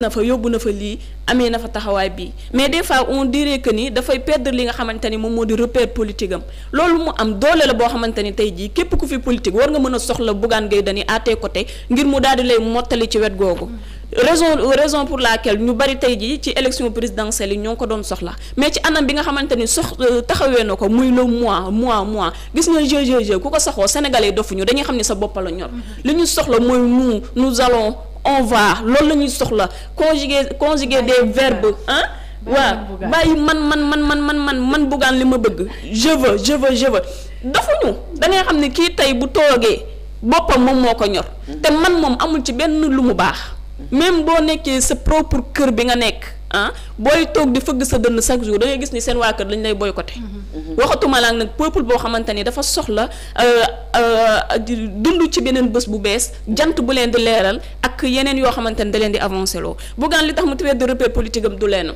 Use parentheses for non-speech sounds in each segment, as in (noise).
na fa yóbbu na fa lii amee na fa taxawaay bi mais des fois on dirait que ni dafay perdre li nga xamante ni moom moo di repère politique am loolu mu am doole la boo xamante ni tey jii képp ku fi politique war nga mën a soxla Bougane Gueye Dany à tes côtés ngir mu daal di lay mottali ci wet googu. raison raison pour laquelle ñu bari tey jii ci élection présidence yi ñoo ko doon soxla mais ci anam bi nga xamante ni sox euh, taxawee na ko muy le mois mois mois gis nga GGG ku ko saxoo sénégalais dofuñu dañuy xam ne sa bopp la ñor. Mm-hmm. li ñu soxla mooy nous nous allons. on va loolu la ñuy soxla conjuguer conjuguer de verbes ah waaw bàyyi man man man man man man man buggaan li ma bëgg je veux je veux je veux xam ne kii tey bu toogee boppam moom moo ko ñor mm-hmm. te man moom amul ci benn lu mu baax même boo nekkee sa propre kër bi nga nekk ah booy toog di fëgg sa dënn chaque jour da gis ni seen waakar kër lañ lay boycotté. Mm-hmm. Mm-hmm. waxatuma la nag peuple boo xamante ni dafa soxla euh, euh, dund ci beneen bés bu bees jant bu leen di leeral ak yeneen yoo xamante ni da leen di avancé loo Bougane li tax mu tuddee de repère politique du leen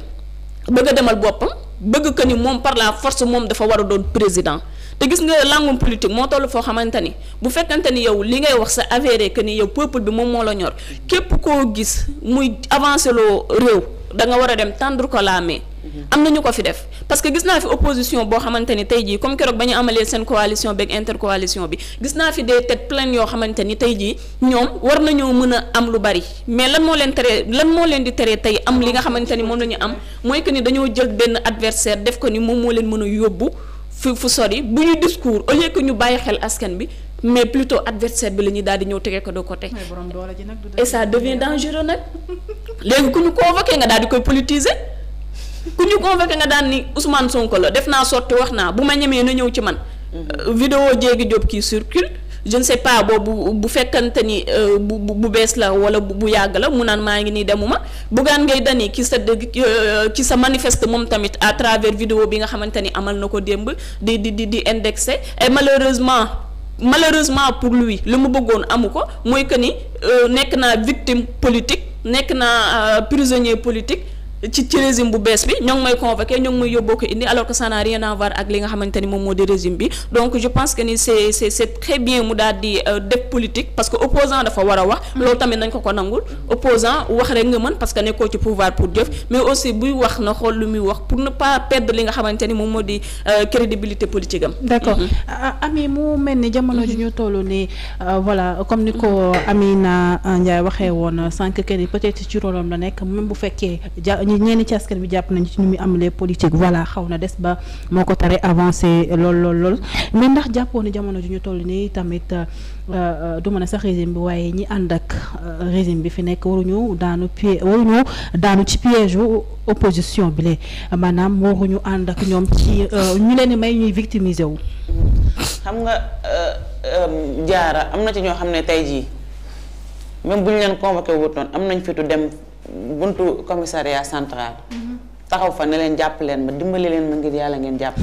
bëgg a demal boppam bëgg que ni moom par la force moom dafa war a doon président. te gis nga langum politique moo toll foo xamante ni bu fekkante ni yow li ngay wax sa avéré que ni yow peuple bi moom moo la ñor képp koo gis muy avancé loo réew. da nga war a dem tendre ko la main mm-hmm. am na ñu ko fi def parce que gis naa fi opposition boo xamante ni tey jii comme keroog ba ñu amalee seen coalition beeg intercoalition bi gis naa fi des têtes pleines yoo xamante ni tey jii ñoom war nañoo mën a am lu bari mais lan moo leen teree lan moo leen di teree tey am li nga xamante ni moom la am mooy que ni dañoo jël benn adversaire def ko ni moom moo leen mën a yóbbu fu fu sori bu ñu discours au lieu ñu bàyyi xel askan bi mais plutôt adversaire bi la ñuy daal di ñëw tege ko de côté. et ça devient dangereux nag léegi ku ñu koo convoqué nga daal di koy politiser ku ñu koo convoqué nga daan ni Ousmane Sonko la def naa sotti wax naa bu ma ñemee na ñëw ci man. Mhm. video jéegi Diop kii circule je ne sais pas boobu bu fekkante ni euh, bu bu bees la wala bu yàgg la mu naan maa ngi nii demuma buggaan ngay dani ki sa ki euh, sa manifeste moom tamit à travers vidéo bi nga xamante ni amal na ko démb di di di di indexé et malheureusement. malheureusement pour lui li mu bëggoon amu ko mooy que ni euh, nekk naa victime politique nekk naa euh, prisonnier politique ci ci bu bees bi ñoo ngi may convoqué ñoo ngi yóbboo ko indi alors que ça n'a rien à voir ak li nga xamante moom moo di régime bi donc je pense que ni c'est très bien mu daal euh, def politique parce que opposant dafa war a wax mm-hmm. loolu tamit nañ ko ko nangul opposant wax rek nga mën parce que nekkoo ci pouvoir mais aussi buy wax na xool lu muy wax pour ne pas perdre li nga xamante moom moo di euh, crédibilité politique am d'accord mm-hmm. ah, ah, Ami mu mel ni jamono ji mm-hmm. ñu toll ni euh, voilà ko Amina Ndiaye waxee woon sànq que ni peut-être ci rôlam la nekk même bu ñi ñenn ci askan bi jàpp nañ ci ñu muy amalee politique voilà xaw na des ba moo ko tare avancé lool lool lool mais ndax jàppoo ne jamono ju ñu toll nii tamit euh, euh, du mën a sax régime bi waaye ñi ànd ak euh, régime bi fi nekk waruñu daanu pié waruñu daanu ci piège opposition bi lee maanaam waruñu ànd ak ñoom ci ñu leen may ñuy victimiser wu. xam nga jaara am na ci ñoo xam ne tey jii même bu ñu leen convoqué wut noonu am nañ fitu dem. buntu commissariat central. taxaw fa na leen jàpp leen ma dimbali leen ma ngir yàlla ngeen jàpp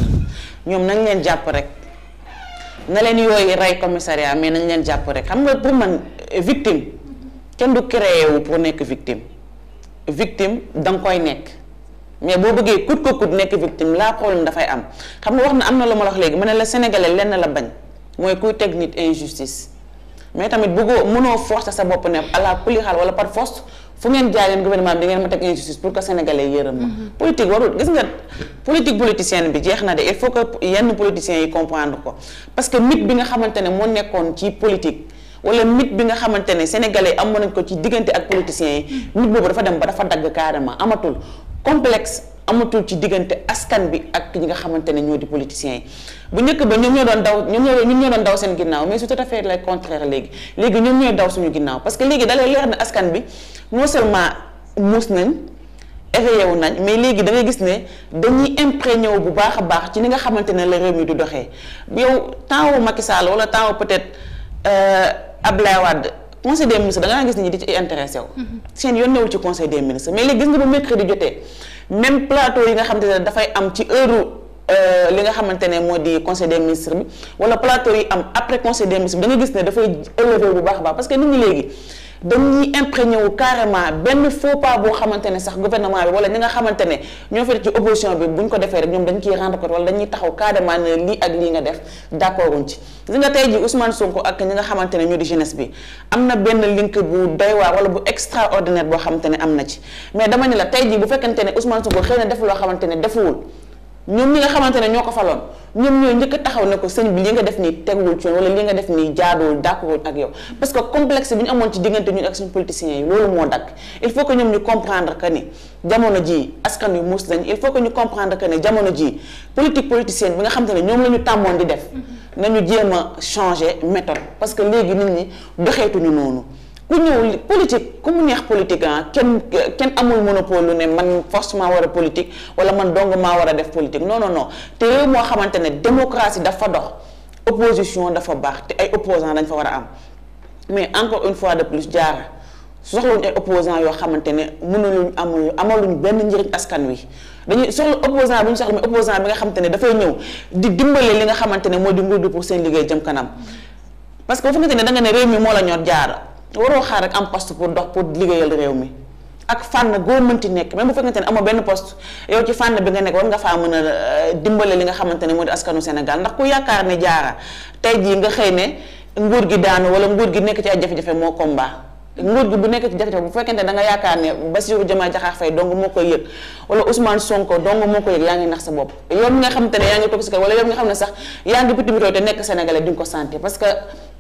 ñoom nañ leen jàpp rek na leen yooyu rey commissariat mais nañ leen jàpp rek xam nga pour man victime kenn du créé wu pour nekk victime victime da koy nekk mais boo bëggee kut ko kut nekk victime laa problème dafay am xam nga wax na am na lu ma wax léegi ma ne la sénégalais lenn la bañ mooy kuy teg nit injustice. mais tamit bëggoo mënoo forcer sa bopp ne à la kulli xaal wala par force fu ngeen jaay leen gouvernement bi di ngeen ma teg injustice pour que sénégalais yërëm ma. Mm-hmm. politique warul gis nga politique politicienne bi jeex na de il faut que yenn politiciens yi comprendre ko parce que bi nga xamante ne moo nekkoon ci politique. wala mythe bi nga xamante ne sénégalais amoon nañ ko ci diggante ak politiciens yi. Mm-hmm. mythe boobu dafa dem ba dafa dagg carrément amatul complexe. amatul ci diggante askan bi ak ñi nga xamante ne ñoo di politiciens yi bu njëkk ba ñoom ñoo doon daw ñoom ñoo doon daw seen ginnaaw mais c'est tout à fait le contraire léegi léegi ñoom ñooy daw suñu ginnaaw parce que léegi da lay leer ne askan bi non seulement muus nañ éveillé wu nañ mais léegi da ngay gis ne dañuy imprégné wu bu baax a baax ci ni nga xamante ne la réew mi du doxee yow temps wu Macky Sall wala temps wu peut-être euh, Abdoulaye Wade conseil des ministres da nga di mm-hmm. mais léegi gis nga bu mercredi jotee. même plateau yi nga xamante ne dafay am ci heure euh, li nga xamante ne moo di conseil des ministres bi wala plateau yi am après conseil des ministres bi da gis ne dafay élevé bu baax a baax parce que nit ñi léegi. dañuy imprégné wu carrément benn faux pas boo xamante ne sax gouvernement bi wala ñi nga xamante ne ñoo fekk ci opposition bi bu ko defee rek ñoom dañ ciy rendre compte wala dañuy taxaw carrément ne lii ak lii nga def d' accord wuñ ci li nga tey ji Ousmane Sonko ak ñi nga xamante ne ñoo di jeunesse bi am na benn link bu doy waar wala bu extraordinaire boo xamante ne am na ci mais dama ne la tey ji bu fekkente ne Ousmane Sonko xëy na def loo xamante ne defuwul ñoom ñi nga xamante ne ñoo ko faloon ñoom ñooy njëkk taxaw ne ko sëñ bi li nga def nii teguwul ci yoon wala li nga def ni jaaduwul dàkkuwul ak yow parce que complexe bi ñu amoon ci diggante ñun ak suñu politiciens yi loolu moo dakk il faut que ñoom ñu comprendre que ni jamono ji askan yu muus lañ il faut que ñu comprendre que ne jamono jii politique politicienne bi nga xam te ne ñoom la ñu tàmmoon di def mm-hmm. nañu jéem changé changer parce que léegi nit ñi doxeetuñu noonu ku ñëw politique ku mu neex politique ah kenn kenn amul monopole lu ne man forcément war a politique wala man dong maa war a def politique non non te réew moo xamante ne démocratie dafa dox opposition dafa baax te ay opposants dañ fa war a am mais encore une fois de plus jaara soxluñ ay opposants yoo xamante ne mënuluñ amul amaluñ benn njëriñ askan wi dañuy soxla opposant bu ñu soxla mais opposant bi nga xamante ne dafay ñëw di dimbale li nga xamante ne moo di nguur bi pour seen liggéey jëm kanam parce que bu fekkente ne da ne réew mi moo la ñor jaara waroo xaar rek am poste pour dox pour liggéeyal réew mi ak fànn goo mënti nekk même bu fekkente ne amoo benn poste yow ci fànn bi nga nekk war nga faa mën a euh, dimbale li nga xamante ne moo di askanu Sénégal ndax ku yaakaar ne jaara tey jii nga xëy ne nguur gi gi nekk ci ay gi nekk ci jafe-jafe bu fekkente da nga yaakaar ne Bassirou Diomaye Diakhar Faye dong moo ko santé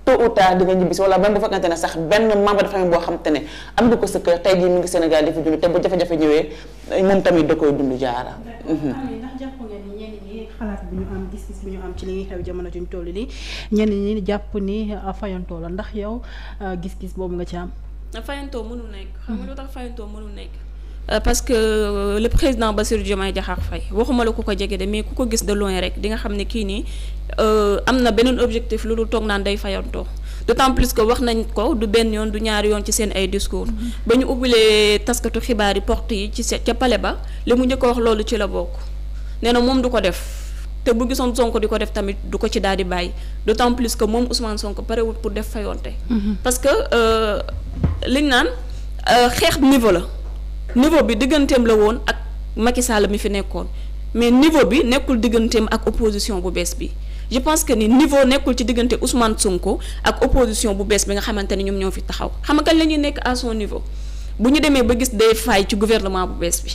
tôt ou tard di nga ñibbisi wala même bu fekkante ne sax benn membre de famille boo xam te ne am nga ko sa kër tey jii mi ngi Sénégal di fi dund te bu jafe-jafe ñëwee moom tamit da koy dund jaara xalaat bi ñu am gis-gis bi ñu am ci li ñuy xew jamono juñ toll nii ñenn ñi jàpp ni ah, fayantoo la ndax yow ah, gis-gis boobu nga ci am. fayantoo mënul nekk. xam nga lu tax fayantoo mënul nekk. Euh, parce que euh, le président Bassirou Diomaye Diakhar Faye waxuma la ko ko jege de mais ku ko gis de loin rek dinga xam ne kii nii euh, am na beneen objectif lu dul toog naan day fayantoo d'autant plus que wax nañ ko du benn yoon du ñaari yoon ci seen ay discours. Mm-hmm. ba ñu ubbilee taskatu xibaar yi porte yi ci ca pale ba li mu njëkk a wax loolu ci la bokk nee na moom du ko def te bu gisoon sonk di ko def tamit du ko ci daal di bàyyi d'autant plus que moom Ousmane Sonko parewut pour def fayonte. Mm-hmm. parce que liñ naan niveau bi digganteem la woon ak Macky Sall mi fi nekkoon mais niveau bi nekkul digganteem ak opposition bu bees bi je pense que ni niveau nekkul ci diggante Ousmane Sonko ak opposition bu bees bi nga xamante ni ñoom ñoo fi taxaw xam nga kañ la ñuy nekk à son niveau bu ñu demee ba gis day faay ci gouvernement bu bees bi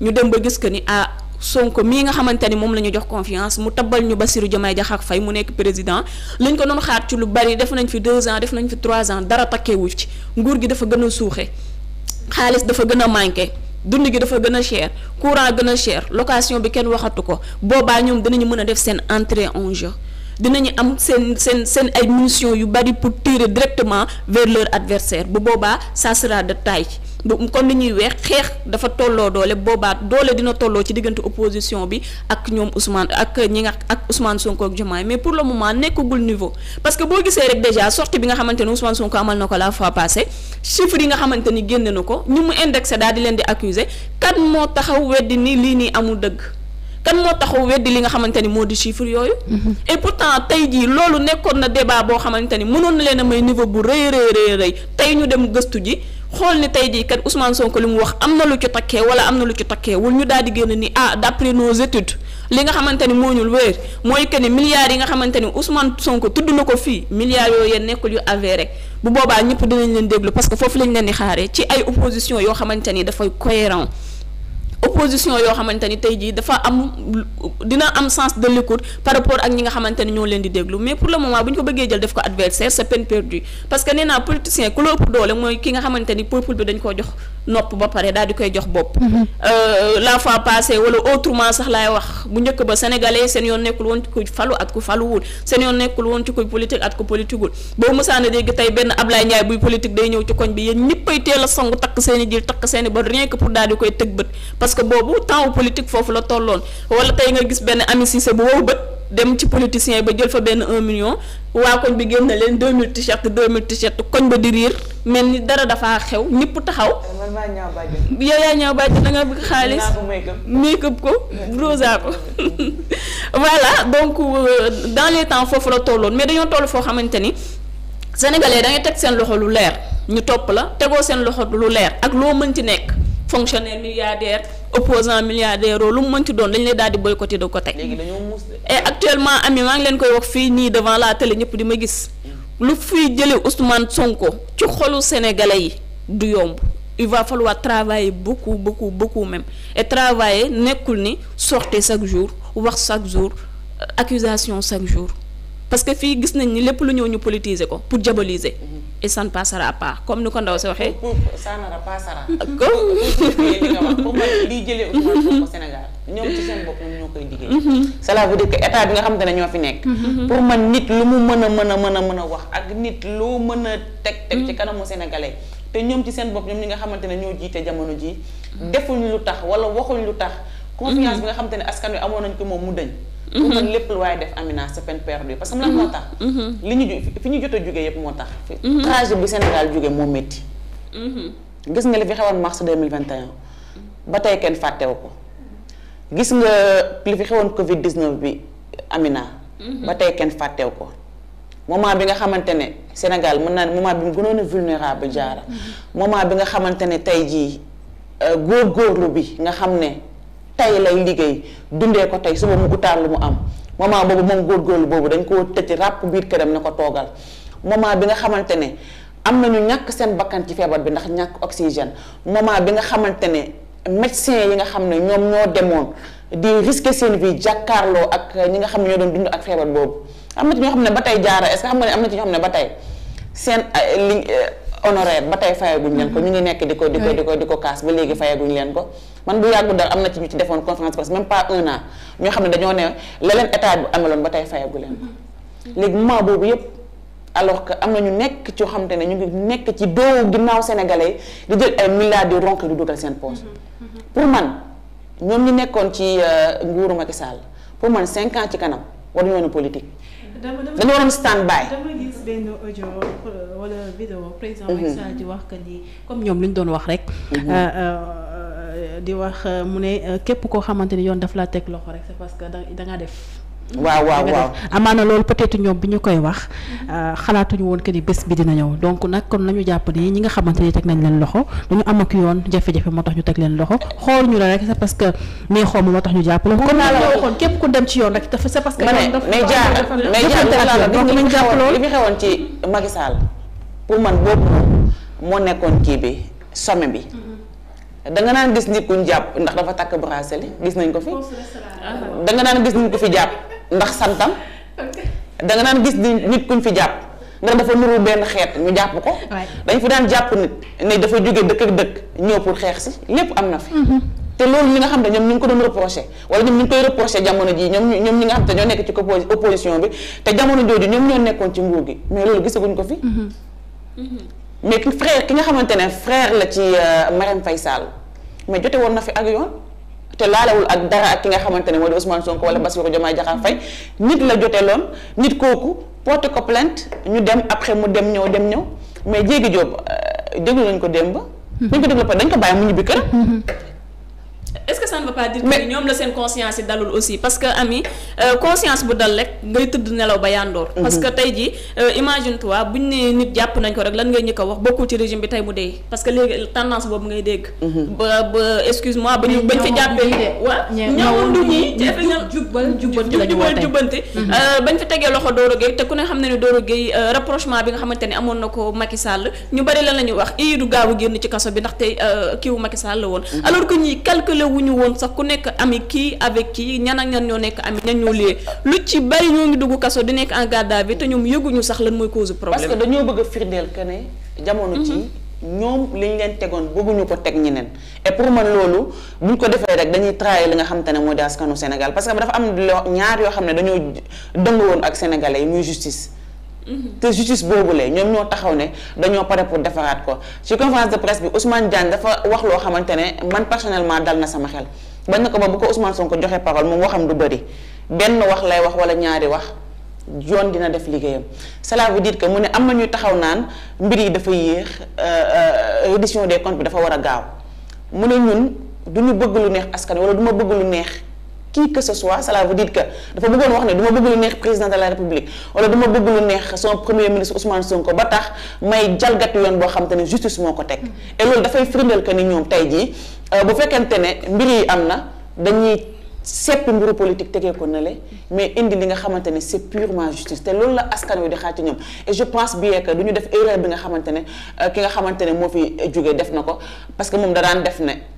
ñu dem ba gis que ni ah Sonko mii nga xamante ni moom la ñu jox confiance mu tabbal ñu Bassirou Diomaye Diakhar fay mu nekk président lañ ko doon xaar ci lu bari def nañ fi deux ans def nañ fi trois ans dara takkewu ci nguur gi dafa gën a suuxee xaalis dafa gën a manqué dund gi dafa gën a cher courant gën a cher location bi kenn waxatu ko boobaa ñoom dinañu mën a def seen entrée en jeu dinañu am seen seen seen ay munitions yu bari pour tirer directement vers leur adversaire bu boobaa ça sera de taille. kon li ñuy weex xeex dafa tolloo doole boobaat doole dina tolloo ci diggante opposition bi ak ñoom Ousmane ak ñi nga ak Ousmane Sonko ak Diomaye mais pour le moment nekkagul niveau parce que boo gisee rek déjà sortie bi nga xamante ne Ousmane Sonko amal na ko la fois passée chiffre yi nga xamante ni génn na ko ñu mu indexé daal di leen di accuser kan moo taxaw weddi ni lii nii amul dëgg. kan moo taxaw weddi li nga xamante ni moo di chiffre yooyu. Mm-hmm. et pourtant tey jii loolu nekkoon na débat boo xamante ni mënoon na leen a may niveau bu rëy rëy rëy tey ñu dem gëstu ji xool ni tey jii kat Ousmane sonk li mu wax am na lu ci takkee wala am na lu ci takkee wul ñu daal di génn ni ah d'après nos études. li nga xamante ni moo ñul wéer mooy que ni milliards yi nga xamante ni Ousmane Sonko tudd na ko fii milliards yooyu yéen nekkul yu avéré bu boobaa ñëpp dinañ leen déglu parce que foofu lañ leen di xaaree ci ay yoo xamante ni dafay cohérent opposition yoo xamante ni tey jii dafa am dina am sens de l'écoute par rapport ak ñi nga xamante ni ñoo leen di déglu mais pour le moment bu ñu ko bëggee jël def ko adversaire c'est peine perdue parce que nee politicien ku la ëpp doole mooy ki nga xamante ni peuple bi dañ koo jox nopp ba pare daal di koy jox bopp. Mhm. Euh, la fois passée wala autrement sax laay wax bu njëkk ba sénégalais seen yoon nekkul woon ci ku falu at ku faluwul seen yoon nekkul woon ci kuy politique at ku politiquewul boo mësaan a dégg tey benn Ablaye Ndiaye buy politique day ñëw ci koñ bi yéen ñëppay teel a sangu takk seen i jil takk seen i ba rien pour daal di koy tëg bët parce que boobu temps politique foofu la tolloon wala tey nga gis benn Ami Cissé bu wow bët dem ci politicien ba jël fa benn un waa koñ bi génn leen 2000 t-shirt 2000 t-shirt koñ ba di riir mel ni dara dafa xew ñëpp taxaw. man maa ñaaw bàjj. yow yaa ñaaw bàjj da nga bëgg xaalis. make up ko rosa ko. (laughs) voilà donc euh, dans le temps foofu la tolloon mais dañoo toll foo xamante ni sénégalais da ngay teg seen loxo lu leer ñu topp la tegoo seen loxo lu leer ak loo ci nekk fonctionnaire milliardaire. opposant milliardaire lu mu mën ci doon dañu lay daal di boycotter de côté. léegi dañoo muus de. et actuellement ami maa ngi leen koy wax fii nii devant la télé ñëpp di ma gis mm. lu fiy jëlee Ousmane Sonko ci xolu sénégalais yi du yomb. il va falloir travailler beaucoup beaucoup beaucoup même et travailler nekkul ni sorte chaque jour wax chaque jour euh, accusation chaque jour parce que fii gis nañ ni lépp lu ñëw ñu politiser ko pour diaboliser. Mm-hmm. et ça ne passera pas comme ni ko ndaw si waxee. pour pour ça ak passera. Ah, comme li jëlee Ousmane Sonko Sénégal ñoom ci seen mm-hmm. bi nga xam ne ñoo fi nekk. Mm-hmm. pour man nit lu mu mën a mën a mën a mën a wax ak nit loo mën a teg teg ci mm-hmm. kanamu sénégalais. te ñoom ci seen bopp ñoom ñi nga xamante ne ñoo jiite jamono ji defuñ lu tax wala waxuñ lu tax. confiance bi nga xamante ne askan wi amoon nañ ko moom mu dëñ. pour man mhm. lépp waaye def Amina c'est peine perdue parce que lan moo mhm. tax mhm. li ñu fi ñu jot a jógee yëpp moo tax trajet bi Sénégal jógee moo métti gis nga li fi xewoon mars 2021 ba tey kenn fàttewu ko gis nga li fi xewoon covid 19 bi Amina ba tey kenn fàttew ko moment bi nga xamante ne Sénégal mën naa moment bi mu gënoon a vulnérable jaara moment bi nga xamante ne tey jii euh, góorgóorlu bi nga xam ne tey lay liggéey dundee ko tey suba mu utaal lu mu am moment boobu moom góorgóorlu boobu dañ koo tëj ràpp biir këram ne ko toogal moment bi nga xamante ne am na ñu ñàkk seen bakkan ci feebar bi ndax ñàkk oxygène moment bi nga xamante ne médecin yi nga xam ne ñoom ñoo demoon di risque seen vie jàkkaarloo ak ñi nga xam ne ñoo doon dund ak feebar boobu am na ci ñoo xam ne ba tey jaara est-ce nga ne am na ci ñoo xam ne ba tey seen honoraire ba tey fayaguñ leen ko mm-hmm. ñu ngi nekk di ko di ko di ko di ko kaas ba léegi fayaguñ leen ko man bu yàggu daal am na ci ñu ci defoon conférence presse même pas un an ñoo xam ne dañoo ne la leen état bi ameloon ba tay fayagu leen ko mm-hmm. léegi moment boobu yëpp alors que am na ñu nekk ci xam ne ñu ngi nekk ci doowu ginnaaw sénégalais di jël ay milliards di ronk di dugal seen poche mm-hmm. pour man ñoom ñi nekkoon ci euh, nguuru Macky Sall pour man cinq ans ci kanam war ñoo ne politique dama dama dañu waroon stand dama gis benn audio wala vidéo président mhm. Macky di wax que ni comme ñoom li ñu doon wax rek. Mhm. Euh, euh, euh, di wax mu ne képp koo xamante ni yoon daf laa teg loxo rek c'est parce que da dangaa def. waaw waaw waaw amaana loolu peut-être ñoom bi ñu koy wax euh, xalaatuñu woon kër yi bés bi dina ñëw donc nag kon nañu jàpp ni ñi nga xamante ni teg nañ leen loxo am ak yoon jafe moo tax ñu teg leen loxo xool ñu la rek c'est que nee xaw moo tax ñu jàpp la kon naa la waxoon képp ku dem ci yoon rek dafa c'est parce que mais jaar mais jaar donc nañ jàpp loolu li fi xewoon ci Macky pour man boobu moo nekkoon kii bi sommet bi mm-hmm. danga naan gis nit kuñ jàpp ndax dafa takk bracelet gis nañ ko fi danga naan gis nit ku fi jàpp ndax santam. da nga naan gis di nit kuñ fi jàpp nga dafa nuru benn xeet ñu jàpp ko. dañ fi daan jàpp nit ne dafa jóge dëkk ak dëkk ñëw pour xeex si lépp am na fi. Mhm. te loolu li nga xam ne ñoom ñu ngi ko doon reproché wala ñoom ñu ngi koy reproché jamono jii ñoom ñoom ñi nga xam te ñoo nekk ci opposition bi te jamono jooju ñoom ñoo nekkoon ci nguur gi mais loolu gisaguñ ko fi. Mhm. mais ki ki nga xamante ne frère la ci euh, Marème fay Sall mais jote woon na fi ak yoon. te laalawul ak dara ak ki nga xamante ne moo di Ousmane Sonko wala Bassirou Diomaye Diakhar Faye nit la joteeloon nit kooku porte ko plainte ñu dem après mu dem ñëw dem ñëw mais jéegi Diop euh, déglu nañ ko démb. dañ hmm. ko déglu pare dañ ko bàyyi mu ñibbi këram. Hmm. veut pas dire que ñoom la seen conscience yi dalul aussi parce que ami euh, conscience bu dal rek ngay tëdd nelaw ba yandoor mhm. parce que tey jii euh, imagine toi buñ ne nit jàpp nañ ko rek lan ngay ñëkk a wax bokkul bi tey dégg mhm. ba ba excuse ba ñu fi jàppee waa ñëwoon du ñi ci jubal jubal jubanti mhm. euh, bañ fi tegee loxo Doro Gueye te ku ne xam ne ni Doro Gueye rapprochement bi nga xamante ne amoon na ko Macky Sall ñu bari lan la ñuy wax ii du gaaw a génn ci kaso bi ndax kiiwu Macky Sall la woon alors que ñi calculer woon sax ku nekk ami kii avec kii ñan ak ñan ñoo nekk ami ñan ñoo lié lu ci bari ñoo ngi dugg kaso di nekk en garde à te ñoom yëguñu sax lan mooy cause problème parce que dañoo bëgg a firndeel ne jamono ci mhm. ñoom li ñu leen tegoon bëgguñu ko teg ñeneen et pour man loolu buñ ko defee rek dañuy trahir li nga xam te ne mooy di askanu Sénégal parce que dafa am ñaar yoo xam ne dañoo dëngoon ak sénégalais yi muy justice mhm. te justice boobu la ñoom ñoo taxaw ne dañoo pare pour defaraat ko ci conférence de presse bi Ousmane Diagne wax loo xamante ne man personnellement dal na sama xel bañ na ko ba bu ko Ousmane Sonko joxee parole moom waxam du bari benn wax lay wax wala ñaari wax yoon dina def liggéeyam cela veut dire que mu ne am na ñu taxaw naan mbir yi dafa yéex euh, euh, reddition des comptes bi dafa war a gaaw mu ne ñun du ñu bëgg lu neex askan wala du ma bëgg lu neex kii que ce soit cela veut dire que dafa bëggoon wax ne du ma bëgg lu neex président de la république wala du ma bëgg lu neex son premier ministre Ousmane Sonko ba tax may jalgati boo xam ne justice moo ko teg. Mm. et loolu dafay firndeel que ni ñoom tey jii. Euh, bu fekkente ne mbir yi am na dañuy seppi mbiru politique tegee ko nële mais indi li nga xamante ne c'est purement justice te loolu la askan wi di xaar ci ñoom et je pense bien que du ñu def erreur bi nga xamante ne euh, ki nga xamante ne moo fi jógee def na ko parce que moom da daan def ne.